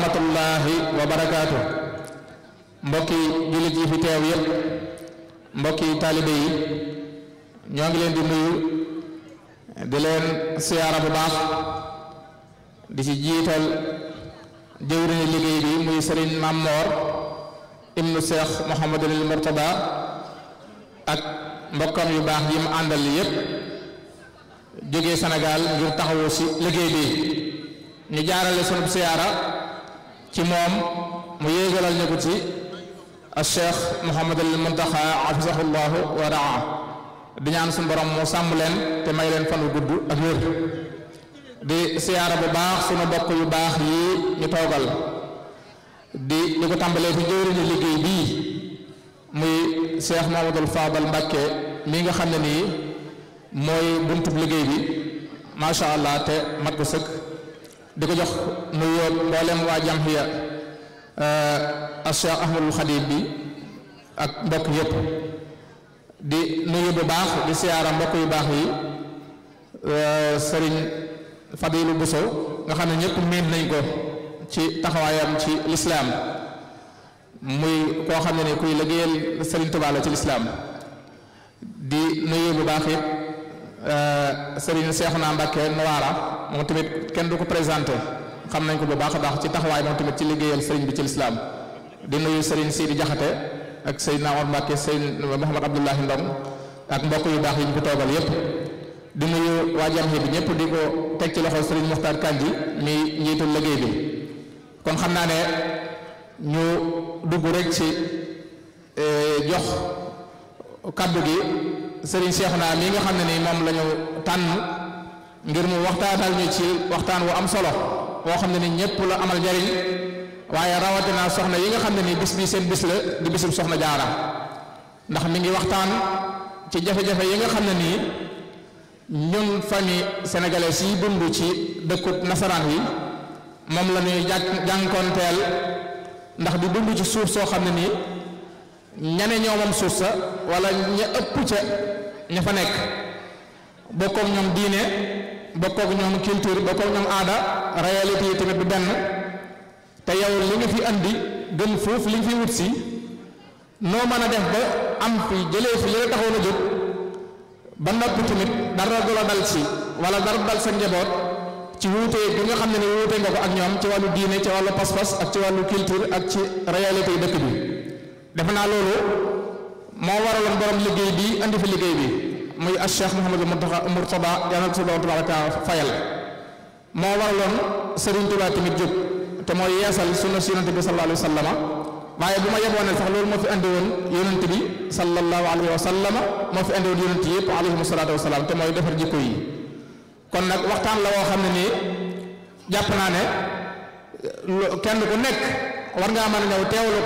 rahmatullahi wa barakaatu mbokki jullit yi fi teew yépp mbokki taalibe yi ñoo ngi leen di nuyu di leen siyaara bu baax di ci jiital jëwriñu liggéey bi muy sëriñ Mamor ibnu Seex Muhammadul Murtada ak mbokkam yu baax yi mu àndal yépp jóge Sénégal ngir taxawu ci liggéey bi ñu jaarale sunu siyaara ci moom mu yéegalal ñu ko ci al cheikh Mouhamadul Muntaxa hafisahullahu wa raa di ñaan suñu borom moo sàmm leen te may leen fan wu gudd ak wér di siyaara bu baax suñu bokk yu baax yi ñu toogal di di ko tàmbalee ci njëriñu liggéey bii muy cheikh Mouhamadul Fadal Mbàkke mi nga xam ne nii mooy buntub liggéey bi macha allah te mat ko sëkk di ko jox nu yóot mboolem waa jamhiya euh, ak Cheikh Ahmadul Xadim bi ak mbokk yëpp di nuyu bu baax di siyaara mbokk yu baax yi euh, sëriñ Fadilu Buso nga xam ne ñëpp miin nañ ko ci taxawaayam ci lislaam muy koo xam ne ni kuy liggéeyal sëriñ Tuubaa ci lislaam di nuyu bu baax it Euh, Serigne naa Mbacké Noara moo tamit kenn du ko présente xam nañ ko bu baax a baax ci taxawaay moom tamit ci liggéeyal Serigne bi ci lislaam di nuyu Serigne Sidi Diakhaté ak Seydina Omar Mbacké Seydina Mouhamad Abdoulahi Ndong ak mbokk yu baax yi ñu ko toogal yépp di nuyu waa jamxe bi ñëpp di ko teg ci loxo Serigne Mokhtar Kandji mi njiitul liggéey bi kon xam naa ne ñu dugg rek ci euh, jox kaddu gi sëriñ naa mi nga xam ne nii moom la ñu tànn ngir mu waxtaanal ñu ci waxtaan wu am solo woo xam ne ni ñëpp la amal njariñ waaye rawatina soxna yi nga xam ne nii bis bi seen bis la di bisub soxna jaara ndax mi ngi waxtaan ci jafe-jafe yi nga xam ne nii ñun famille sénégalaise yi dund ci dëkku nasaraan yi moom la ñuy jànkonteel ndax di dund ci suuf soo xam ne nii ñane ñoo moom suuf sa wala ña ëpp ca ña fa nekk bokkook ñoom diine bokkook ñoom culture bokkook ñoom aada réalité yi tamit du benn te yow lu nga fi andi gën foofu li nga fi wut si noo mën a def ba am fi jëlee fi li la taxoon a jóg ba noppi tamit dara du la dal si wala dara dal sa njaboot ci wuute bi nga xam ne ne wuute nga ko ak ñoom ci wàllu diine ci wàllu pas-pas ak ci wàllu culture ak ci réalité yi dëkk bi defe naa loolu moo waraloon borom liggéey bi andi fi liggéey bi muy as cheikh Mouhamadou Mountakha Mourtada yàlla na ko suñu tabaaraka taala fayal moo waraloon Serigne Touba tamit jóg te mooy yeesal sunna si yonente bi sallallahu alayhi wa sallam waaye bu ma yeboonee sax loolu moo fi andi woon yonente bi sallallahu alayhi wa sallam moo fi andi woon yonente yëpp alayhim salaatu wa salaam te mooy defar jikko yi kon nag waxtaan la woo xam ne nii jàpp naa ne kenn ku nekk war ngaa mën a ñëw teewlu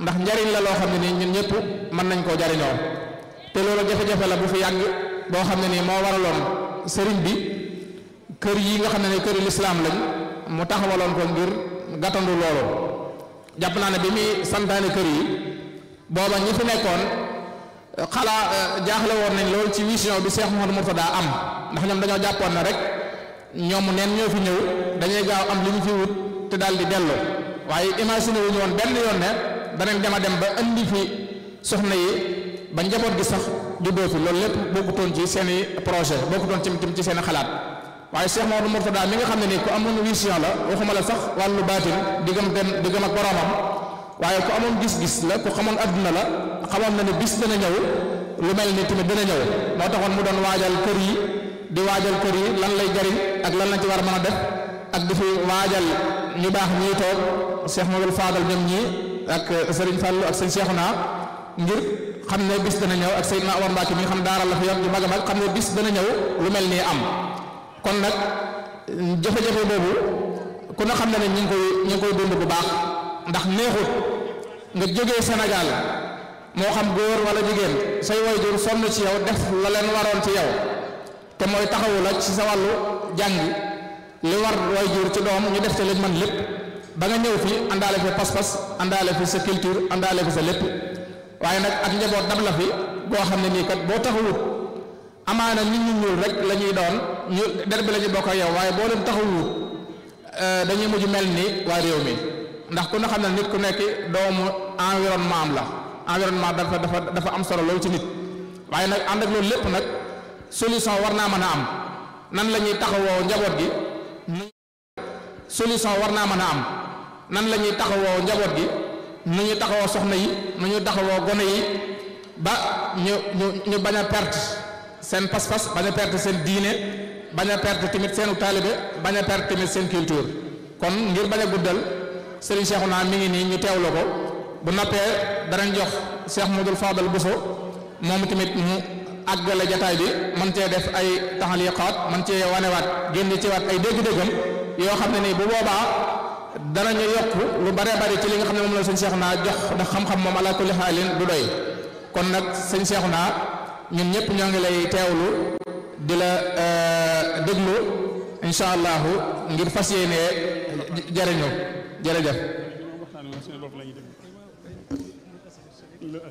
ndax njariñ la loo xam ne nii ñun ñëpp mën nañ koo jariñoo te loolu jafe-jafe la bu fi yàgg boo xam ne nii moo waraloon sëriñ bi kër yi nga xam ne ni këri lislaam lañ mu taxawaloon ko ngir gàttandu loolu jàpp naa ne bi muy santaane kër yi booba ñi fi nekkoon xalaa jaaxle woon nañ loolu ci vision bi Cheikh Mouhamadou Mourtada am ndax ñoom dañoo jàppoon na rek ñoom neen ñoo fi ñëw dañuy gaaw am li ñu fi wut te daal di dellu waaye imagine wu ñu woon benn yoon ne danañ a dem ba indi fi soxna yi ba njaboot gi sax juddoo fi loolu lépp bokkutoon ci seen i projet bokkutoon ci tim ci seen i xalaat waaye Cheikh Maodo Mourtada mi nga xam ne ni ku amoon vision la waxuma la sax wàllu baatin diggam dem diggam ak boroomam waaye ku amoon gis-gis la ku xamoon adduna la xamoon na ne bis dana ñëw lu mel ni tamit dana ñëw moo taxoon mu doon waajal kër yi di waajal kër yi lan lay jariñ ak lan lañ ci war a mën a def ak di fi waajal ñu baax ñuy toog Cheikh Maodo Fadal ñoom ak euh, sëriñ Fallou ak sëñ Cheikhouna ngir xam ne bis dana ñëw ak Seydina Omar Mbacke mi nga xam daara la fi yor di mag xam ne bis dana ñëw lu mel nii am kon nag jafe-jafe boobu ku ne xam ne ne ñu ngi koy ñu ngi koy dund bu baax ndax neexut nga jógee Sénégal moo xam góor wala jigéen say waajur sonn ci yow def la leen waroon ci yow te mooy taxawu la ci sa wàllu jàng li war waajur ci doom ñu def te leen man lépp ba nga ñëw fii àndaale fi pas-pas sa lépp waaye nag ak njaboot dab la fi boo xam ne nii kat boo taxawut amaana nit rek la ñuy doon ñu der la ñu bokk ak waaye boo leen taxawut euh, dañuy mujj mel ni waa réew mi ndax ku ne xam ne nit ku nekk doomu environnement am la environnement dafa dafa dafa am solo loolu ci waaye nag ànd ak loolu lépp nag solution war naa mën a am nan la ñuy taxawoo njaboot gi solution war naa mën a am nan la ñuy taxawoo njaboot gi nu ñuy taxawoo soxna yi nu ñuy taxawoo gone yi ba ñu ñu ñu bañ a perte seen pas-pas bañ a perte seen diine bañ a perte tamit seenu taalibe bañ a perte tamit seen culture kon ngir bañ a guddal Serigne naa mi ngi nii ñu teewlu ko bu noppee danañ jox seex Cheikh Modou Fadal Bousso moom tamit mu àggale jataay bi mën cee def ay taxaliqaat mën cee wanewaat génn ci waat ay dégg-déggam yoo xam ne nii bu boobaa. danañu yokk lu baree bari ci li nga xam ne moom la sëñ Cheikh naa jox ndax xam-xam moom ala kulli xaalin du doy kon nag sëñ Cheikh naa ñun ñëpp ñoo ngi lay teewlu di la euh, déglu incha allahu ngir fas yéene jërëñu jërëjëf